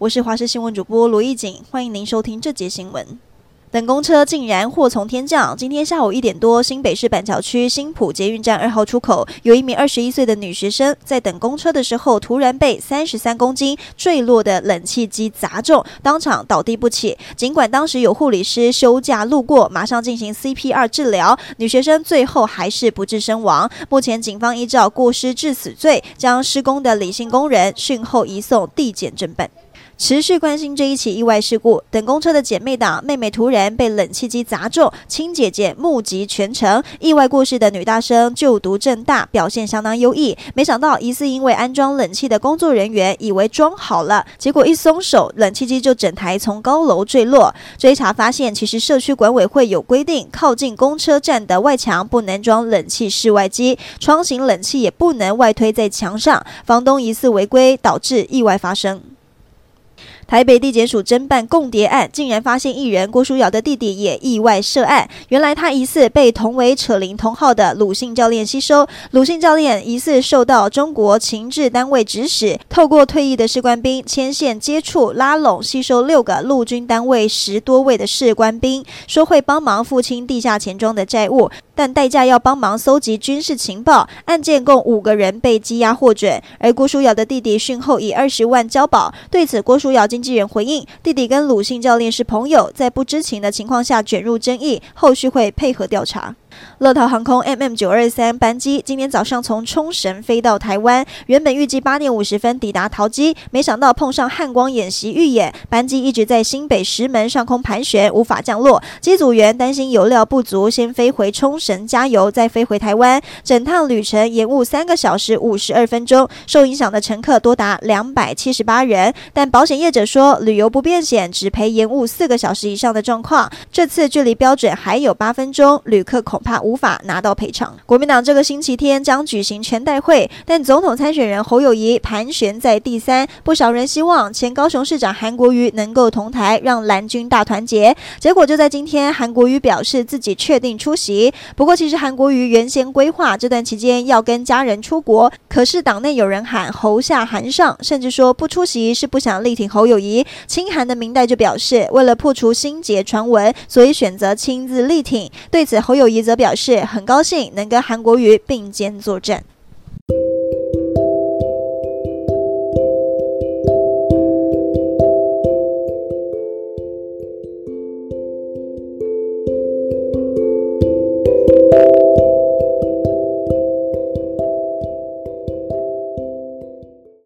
我是華視新聞主播盧藝錦，歡迎您收聽這節新聞。等公車竟然禍從天降！今天下午一點多，新北市板橋區新埔捷運站二號出口，有一名二十一歲的女學生在等公車的時候，突然被三十三公斤墜落的冷氣機砸中，當場倒地不起。儘管當時有護理師休假路過，馬上進行 CPR 治療，女學生最後還是不治身亡。目前警方依照過失致死罪，將施工的李姓工人訊後移送地檢偵辦。持續關心這一起意外事故，等公車的姐妹檔妹妹突然被冷氣機砸中，親姐姐目擊全程，意外過世的女大生就讀政大，表現相當優異。沒想到，疑似因為安裝冷氣的工作人員以為裝好了，結果一鬆手，冷氣機就整台從高樓墜落。追查發現，其實社區管委會有規定，靠近公車站的外牆不能裝冷氣室外機，窗型冷氣也不能外推在牆上，房東疑似違規導，導致意外發生。台北地檢署偵辦共諜案，竟然發現藝人郭書瑤的弟弟也意外涉案。原來他疑似被同為扯鈴同號的魯姓教練吸收，魯姓教練疑似受到中國情治單位指使，透過退役的士官兵牽線接觸拉攏吸收六個陸軍單位十多位的士官兵，說會幫忙付清地下錢莊的債務。但代價要幫忙搜集軍事情報，案件共五個人被羈押獲准，而郭書瑤的弟弟訊後以二十萬交保。對此，郭書瑤經紀人回應：“弟弟跟魯姓教練是朋友，在不知情的情況下捲入爭議，後續會配合調查。”樂桃航空 MM 九二三班機今天早上從沖繩飛到台灣，原本預計八點五十分抵達桃機，沒想到碰上漢光演習預演，班機一直在新北石門上空盤旋，無法降落。機組員擔心油料不足，先飛回沖繩加油，再飛回台灣，整趟旅程延誤三個小時五十二分鐘。受影響的乘客多達兩百七十八人，但保險業者說，旅遊不便險只賠延誤四個小時以上的狀況，這次距離標準還有八分鐘，旅客恐。怕無法拿到賠償。國民黨這個星期天將舉行全代會，但總統參選人侯友宜盤旋在第三，不少人希望前高雄市長韓國瑜能夠同台，讓藍軍大團結。結果就在今天，韓國瑜表示自己確定出席。不過，其實韓國瑜原先規劃這段期間要跟家人出國，可是黨內有人喊侯下韓上，甚至說不出席是不想力挺侯友宜。親韓的民代就表示，為了破除心結傳聞，所以選擇親自力挺。對此，侯友宜。則表示很高興能跟韓國瑜並肩作戰。